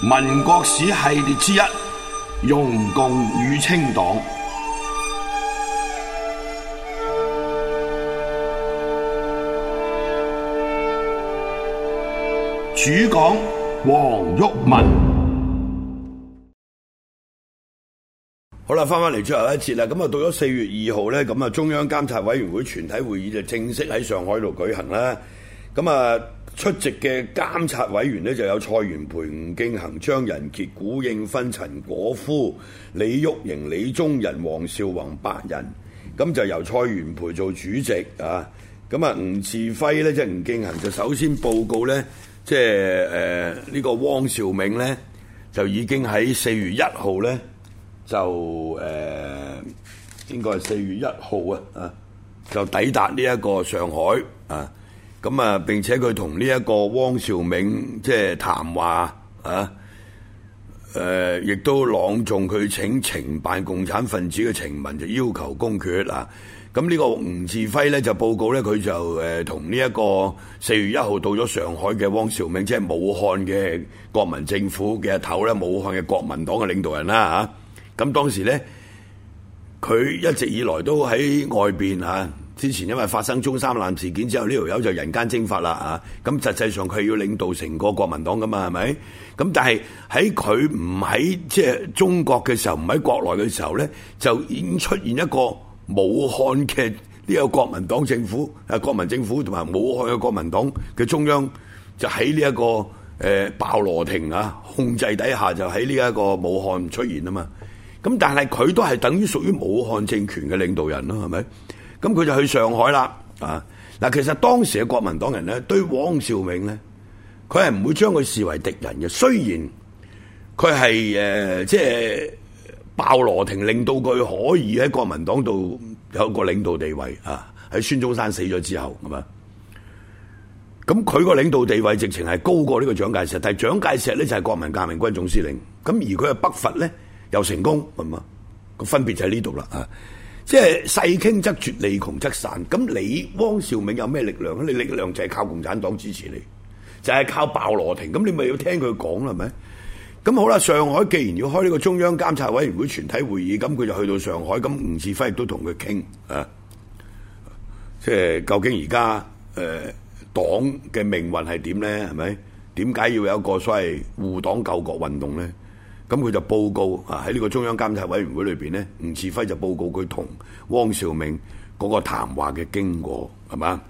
民國史系列之一，容共與清黨，主講黃毓民。好啦，翻翻嚟最後一節啦。咁啊，到咗四月二號咧，咁啊，中央監察委員會全體會議就正式喺上海度舉行啦。咁啊。出席嘅監察委員咧就有蔡元培、吳敬恒、張人傑、古應芬、陳果夫、李煜瀛、李宗仁、黃紹竑八人，咁就由蔡元培做主席啊，咁啊，吳稚暉咧即係吳敬恒就首先報告呢，即係呢個汪兆銘呢，就已經喺四月一號呢，就誒、呃、應該係四月一號啊啊就抵達呢一個上海啊。咁啊，並且佢同呢一個汪兆銘即係談話啊，誒、呃，亦都朗誦佢請懲辦共產分子嘅呈文，就要求公決啊。咁、啊、呢個吳稚暉咧就報告咧，佢就誒同呢一個四月一號到咗上海嘅汪兆銘，即係武漢嘅國民政府嘅頭咧，武漢嘅國民黨嘅領導人啦吓。咁、啊啊、當時咧，佢一直以來都喺外邊吓。啊之前因為發生中山艦事件之後，呢條友就人間蒸發啦啊！咁實際上佢要領導成個國民黨噶嘛，係咪？咁但係喺佢唔喺即係中國嘅時候，唔喺國內嘅時候咧，就已經出現一個武漢嘅呢個國民黨政府啊，國民政府同埋武漢嘅國民黨嘅中央就喺呢一個誒鮑羅廷啊控制底下就喺呢一個武漢出現啊嘛。咁但係佢都係等於屬於武漢政權嘅領導人囉，係咪？咁佢就去上海啦，啊嗱，其實當時嘅國民黨人咧，對汪兆銘咧，佢係唔會將佢視為敵人嘅。雖然佢係誒，即係鮑羅廷令到佢可以喺國民黨度有一個領導地位啊，喺孫中山死咗之後，係嘛？咁佢個領導地位直情係高過呢個蔣介石，但係蔣介石咧就係、是、國民革命軍總司令。咁而佢嘅北伐咧又成功，係嘛？個分別就喺呢度啦，啊。即係勢傾則絕，利窮則散。咁你汪兆銘有咩力量咧？你力量就係靠共產黨支持你，就係、是、靠鮑羅廷。咁你咪要聽佢講啦，係咪？咁好啦，上海既然要開呢個中央監察委員會全體會議，咁佢就去到上海，咁吳志輝亦都同佢傾啊。即係究竟而家誒黨嘅命運係點咧？係咪？點解要有一個所謂護黨救國運動咧？咁佢就報告啊，喺呢個中央監察委員會裏邊咧，吳稚暉就報告佢同汪兆銘嗰個談話嘅經過係嘛？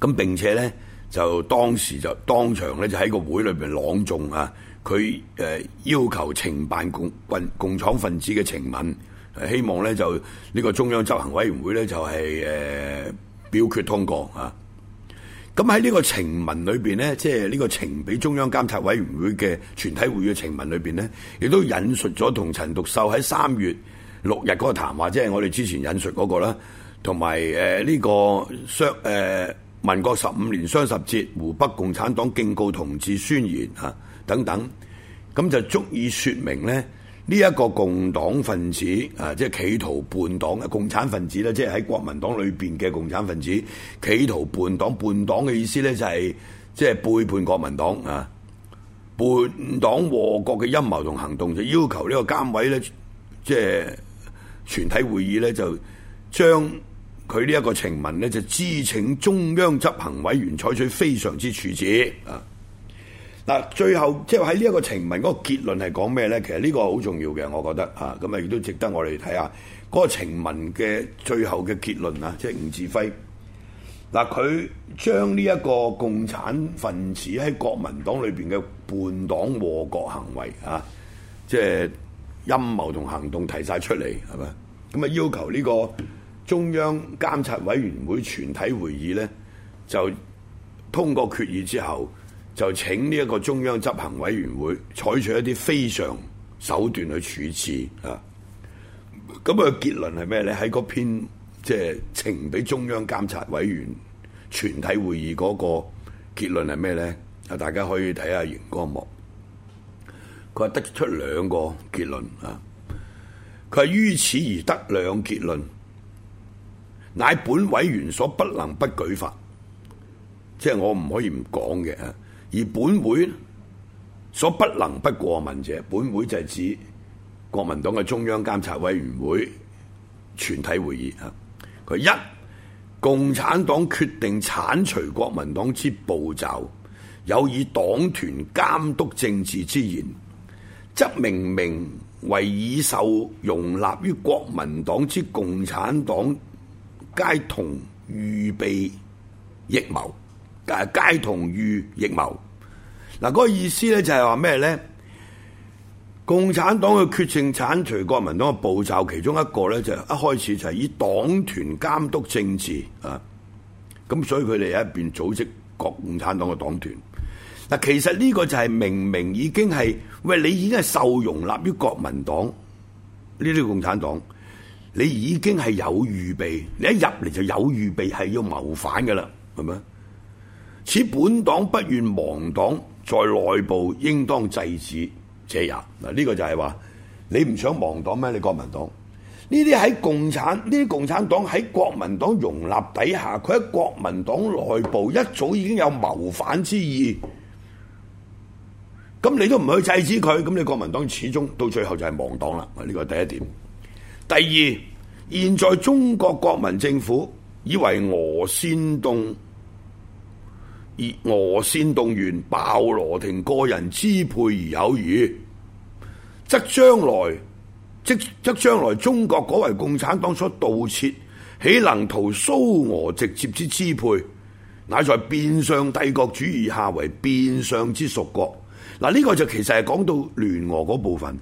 咁並且咧就當時就當場咧就喺個會裏邊朗誦啊，佢誒、呃、要求懲辦共份共，共產分子嘅情文，希望咧就呢個中央執行委員會咧就係、是、誒、呃、表決通過啊。咁喺呢個情文裏邊呢，即係呢個情俾中央監察委員會嘅全體會議嘅情文裏邊呢，亦都引述咗同陳獨秀喺三月六日嗰個談話，即、就、係、是、我哋之前引述嗰、那個啦，同埋誒呢個雙誒、呃、民國十五年雙十節湖北共產黨敬告同志宣言嚇、啊、等等，咁就足以說明呢。呢一個共黨分子啊，即係企圖叛黨嘅共產分子咧，即係喺國民黨裏邊嘅共產分子，企圖叛黨叛黨嘅意思咧就係即係背叛國民黨啊！叛黨禍國嘅陰謀同行動，就要求呢個監委咧，即係全體會議咧，就將佢呢一個情文咧，就徵請中央執行委員採取非常之處置啊！嗱，最後即係喺呢一個呈文嗰個結論係講咩呢？其實呢個好重要嘅，我覺得啊，咁啊亦都值得我哋睇下嗰個呈文嘅最後嘅結論啊，即係吳稚暉。嗱，啊，佢將呢一個共產分子喺國民黨裏邊嘅叛黨禍國行為啊，即係陰謀同行動提晒出嚟，係咪？咁啊要求呢個中央監察委員會全體會議呢，就通過決議之後。就請呢一個中央執行委員會採取一啲非常手段去處置啊。咁、那、嘅、個、結論係咩咧？喺嗰篇即係呈俾中央監察委員全體會議嗰個結論係咩咧？啊，大家可以睇下熒光幕，佢係得出兩個結論啊。佢係於此而得兩結論，乃本委員所不能不舉發，即、就、係、是、我唔可以唔講嘅而本會所不能不過問者，本會就係指國民黨嘅中央監察委員會全體會議啊！佢一共產黨決定剷除國民黨之步驟，有以黨團監督政治之言，則明明為以受容納於國民黨之共產黨，皆同預備逆謀。係皆同欲逆謀。嗱，嗰個意思咧就係話咩咧？共產黨嘅決定剷除國民黨嘅步驟，其中一個咧就一開始就係以黨團監督政治啊。咁所以佢哋喺入邊組織共共產黨嘅黨團嗱。其實呢個就係明明已經係喂，你已經係受容納於國民黨呢啲共產黨，你已經係有預備，你一入嚟就有預備係要謀反嘅啦，係咪？此本黨不願亡黨，在內部應當制止者也。嗱，呢、這個就係、是、話你唔想亡黨咩？你國民黨呢啲喺共產呢啲共產黨喺國民黨容納底下，佢喺國民黨內部一早已經有謀反之意，咁你都唔去制止佢，咁你國民黨始終到最後就係亡黨啦。呢、這個第一點。第二，現在中國國民政府以為俄先動。以俄先動員鮑羅廷個人支配而有餘，則將來即則將來中國改為共產黨所盜竊，豈能圖蘇俄直接之支配？乃在變相帝國主義下為變相之屬國。嗱，呢個就其實係講到聯俄嗰部分。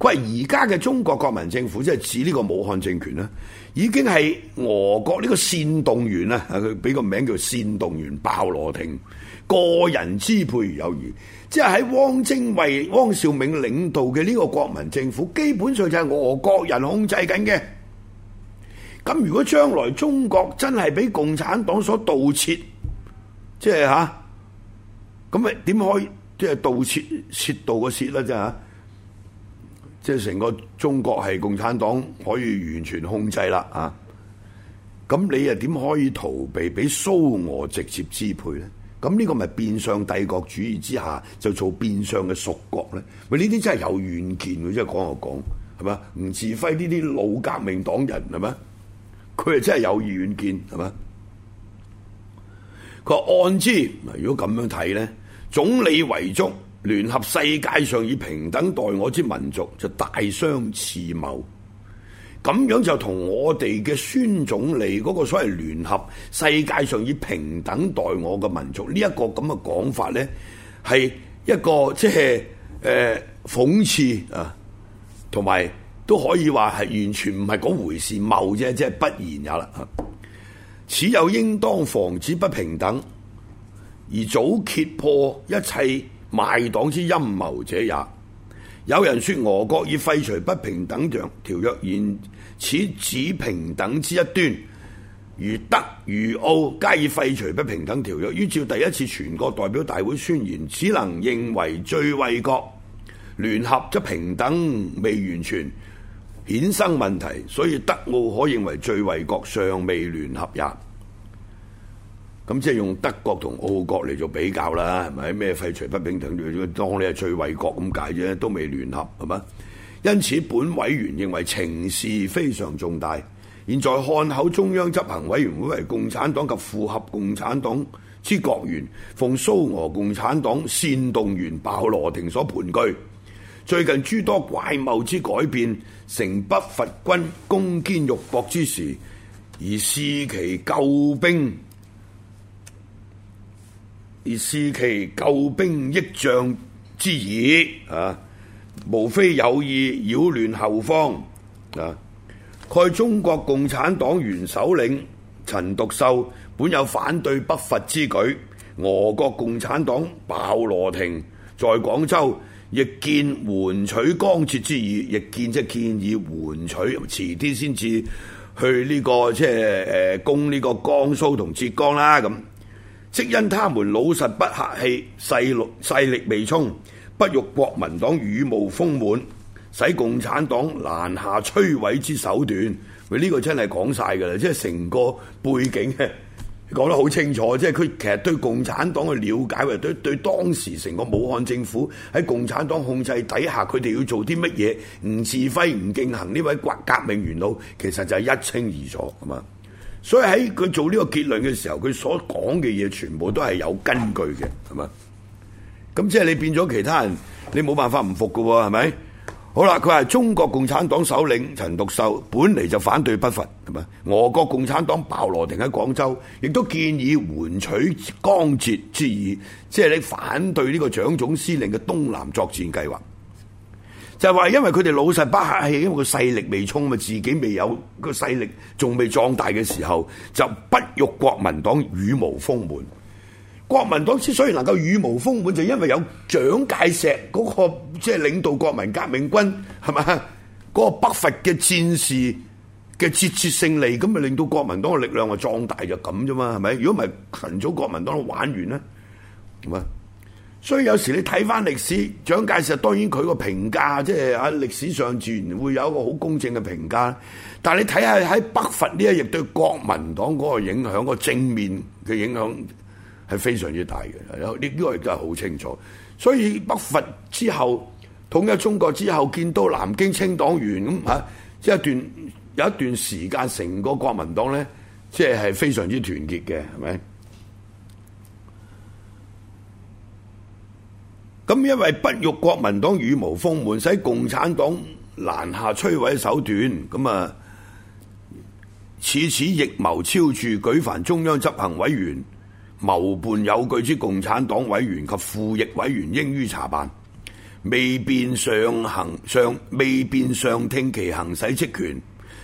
佢而家嘅中國國民政府即係指呢個武漢政權啦，已經係俄國呢個煽動員啦，佢俾個名叫煽動員鮑羅廷個人支配有餘，即係喺汪精衛、汪兆銘領導嘅呢個國民政府，基本上就係俄國人控制緊嘅。咁如果將來中國真係俾共產黨所盜竊，即係嚇，咁咪點可以即係盜竊竊盜個竊啦？啫、啊、嚇！即係成個中國係共產黨可以完全控制啦啊！咁你又點可以逃避俾蘇俄直接支配咧？咁呢個咪變相帝國主義之下就做變相嘅屬國咧？喂，呢啲真係有遠見，即係講就講，係嘛？吳稚暉呢啲老革命黨人係嘛？佢係真係有遠見係嘛？佢按之，如果咁樣睇咧，總理遺囑。聯合世界上以平等待我之民族，就大相似謀。咁樣就同我哋嘅孫總理嗰個所謂聯合世界上以平等待我嘅民族呢一、這個咁嘅講法呢，係一個即係誒諷刺啊，同埋都可以話係完全唔係嗰回事，謀啫，即、就、係、是、不然也啦、啊。此有應當防止不平等，而早揭破一切。賣黨之陰謀者也。有人說俄國已廢除不平等條約，然此只平等之一端，如德如奧皆已廢除不平等條約。依照第一次全國代表大會宣言，只能認為最惠國聯合則平等未完全衍生問題，所以德奧可認為最惠國尚未聯合也。咁即係用德國同澳國嚟做比較啦，係咪咩廢除不平等？當你係最惠國咁解啫，都未聯合係嘛？因此，本委員認為情勢非常重大。現在漢口中央執行委員會係共產黨及附合共產黨之國員，奉蘇俄共產黨煽動員鮑羅廷所盤踞。最近諸多怪貌之改變，成北伐軍攻堅欲搏之時，而視其救兵。而是其救兵益將之意啊！無非有意擾亂後方啊！蓋中國共產黨元首領陳獨秀本有反對北伐之舉，俄國共產黨鮑羅廷在廣州亦見援取江浙之意，亦見即建議援取遲啲先至去呢個即係誒攻呢個江蘇同浙江啦咁。即因他們老實不客氣，勢力勢力未充，不欲國民黨羽毛豐滿，使共產黨難下摧毀之手段。佢、這、呢個真係講晒㗎啦，即係成個背景講得好清楚，即係佢其實對共產黨嘅了解，或者對對當時成個武漢政府喺共產黨控制底下，佢哋要做啲乜嘢，吳稚暉吳敬恆呢位國革命元老，其實就係一清二楚啊嘛。所以喺佢做呢個結論嘅時候，佢所講嘅嘢全部都係有根據嘅，係嘛？咁即係你變咗其他人，你冇辦法唔服嘅喎，係咪？好啦，佢係中國共產黨首領陳獨秀本嚟就反對北伐，係嘛？俄國共產黨鮑羅廷喺廣州亦都建議緩取江浙之意，即係你反對呢個蔣總司令嘅東南作戰計劃。就係話，因為佢哋老實不客氣，係因為個勢力未充嘛，自己未有個勢力仲未壯大嘅時候，就不欲國民黨羽毛豐滿。國民黨之所以能夠羽毛豐滿，就因為有蔣介石嗰個即係領導國民革命軍係咪？嗰個北伐嘅戰事嘅節節勝利，咁咪令到國民黨嘅力量啊壯大就咁啫嘛，係咪？如果唔係，陳祖國民黨都玩完啦，係咪？所以有時你睇翻歷史，蔣介石當然佢個評價，即係喺歷史上自然會有一個好公正嘅評價。但係你睇下喺北伐呢一役對國民黨嗰個影響，個正面嘅影響係非常之大嘅。呢、呢、呢個亦都係好清楚。所以北伐之後統一中國之後，見到南京清黨員咁嚇，一段有一段時間，成個國民黨咧，即係係非常之團結嘅，係咪？咁因為不欲國民黨羽毛豐滿，使共產黨難下摧毀手段。咁啊，此此逆謀超處，舉凡中央執行委員、謀叛有據之共產黨委員及副役委員，應於查辦，未便上行上未便上聽其行使職權，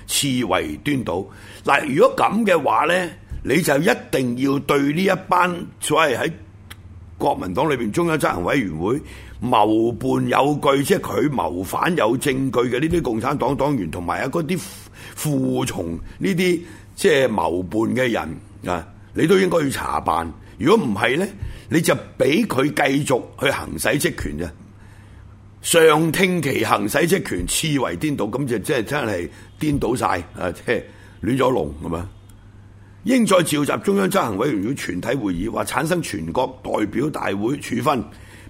次為端堵。嗱，如果咁嘅話呢，你就一定要對呢一班所謂喺國民黨裏邊中央執行委員會謀叛有據，即係佢謀反有證據嘅呢啲共產黨黨員同埋啊嗰啲附從呢啲即係謀叛嘅人啊，你都應該要查辦。如果唔係咧，你就俾佢繼續去行使職權啫。上聽其行使職權，刺為顛倒，咁就即係真係顛倒晒啊！即係亂咗龍噶嘛。應再召集中央執行委員會全體會議，或產生全國代表大會處分，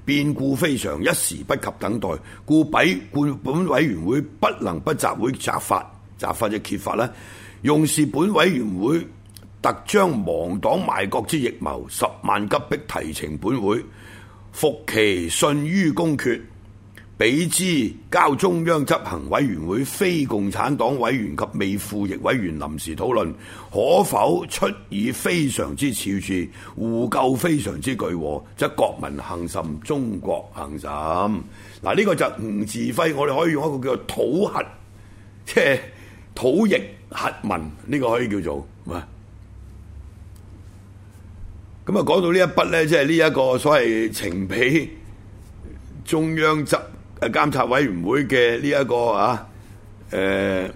變故非常，一時不及等待，故俾本委員會不能不集會執法，執法即揭發啦。用是本委員會特將亡黨賣國之逆謀，十萬急迫提請本會，復其信於公決。比之交中央執行委員會非共產黨委員及未附役委員臨時討論，可否出以非常之處置，互救非常之巨禍？即國民幸甚，中國幸甚？嗱，呢個就唔自費，我哋可以用一個叫做「土核，即係土役核民，呢、這個可以叫做咁啊，講到呢一筆呢，即係呢一個所謂情俾中央執。誒監察委員會嘅呢一個啊，誒、呃、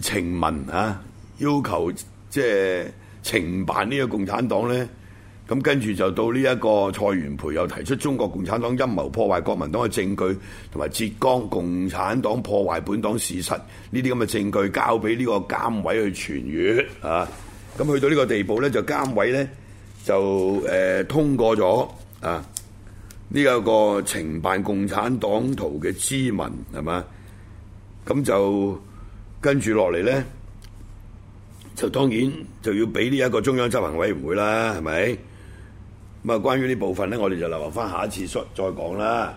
呈文啊，要求即係、就是、懲辦呢個共產黨咧，咁跟住就到呢一個蔡元培又提出中國共產黨陰謀破壞國民黨嘅證據，同埋浙江共產黨破壞本黨事實呢啲咁嘅證據交俾呢個監委去傳閱啊，咁去到呢個地步咧，就監委咧就誒、呃、通過咗啊。呢一個懲辦共產黨徒嘅咨文係嘛？咁就跟住落嚟咧，就當然就要俾呢一個中央執行委員會啦，係咪？咁啊，關於呢部分咧，我哋就留留翻下一次再講啦。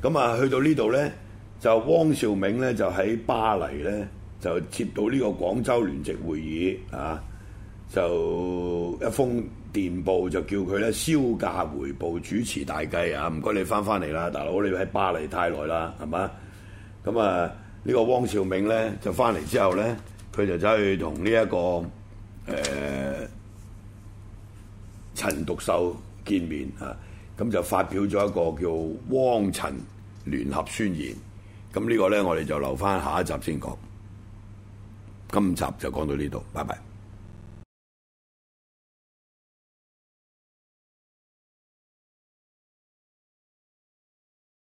咁啊，去到呢度咧，就汪兆銘咧就喺巴黎咧就接到呢個廣州聯席會議啊，就一封電報就叫佢咧銷假回報主持大計啊！唔該，你翻返嚟啦，大佬，你喺巴黎太耐啦，係嘛？咁啊，呢個汪兆銘咧就翻嚟之後咧，佢就走去同呢一個誒、呃、陳獨秀見面啊！咁就發表咗一個叫汪陳聯合宣言。咁呢個咧，我哋就留翻下，下一集先講。今集就講到呢度，拜拜。